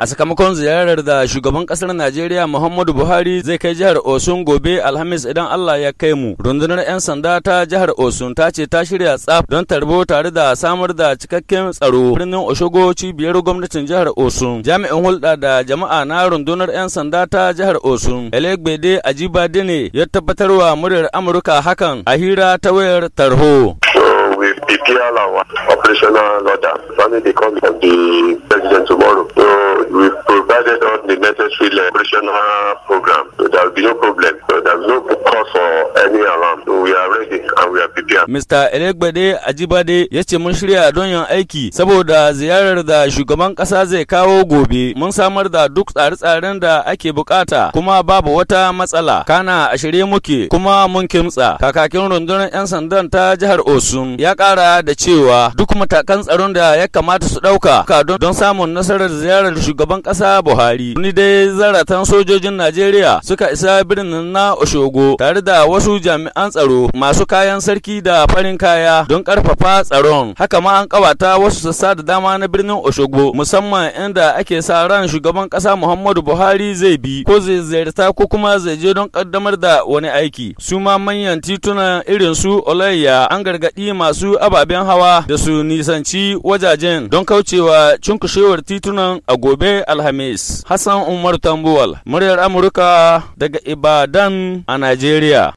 A sakamakon ziyarar da shugaban kasar Najeriya Muhammadu Buhari zai kai jihar Osun gobe Alhamis idan Allah ya kai mu. Rundunar 'yan sanda ta jihar Osun ta ce ta shirya tsaf don tarbo tare da samar da cikakken tsaro. Birnin Oshogo cibiyar gwamnatin jihar Osun. Jami'in hulɗa da jama'a na rundunar 'yan sanda ta jihar Osun. Elegbede Ajibade ne ya tabbatar wa muryar Amurka hakan a hira ta wayar tarho. So we prepare our operational order. Finally, the Bakersfield national program. So there will be no problem. So there is no cause for any alarm. So we are ready and we are prepared. Mr. Elegbede Ajibade ya ce mun shirya don yin aiki saboda ziyarar da shugaban kasa zai kawo gobe. Mun samar da duk tsare-tsaren da ake bukata kuma babu wata matsala. Kana a shirye muke kuma mun kimtsa. Kakakin rundunar 'yan sandan ta jihar Osun ya kara da cewa duk matakan tsaron da ya kamata su ɗauka don samun nasarar ziyarar shugaban ƙasa Buhari. Ni dai zaratan sojojin Najeriya suka isa birnin na Oshogo tare da wasu jami'an tsaro masu kayan sarki da farin kaya don karfafa tsaron. Haka ma an kawata wasu sassa da dama na birnin Oshogo musamman inda ake sa ran shugaban kasa Muhammadu Buhari zai bi ko zai ziyarta ko kuma zai je don kaddamar da wani aiki. Su ma manyan titunan irin su Olayya an gargaɗi masu ababen hawa da su nisanci wajajen don kaucewa cunkushewar titunan a gobe Alhamis. Hassan Umar Tambuwal Muryar Amurka daga Ibadan a Najeriya.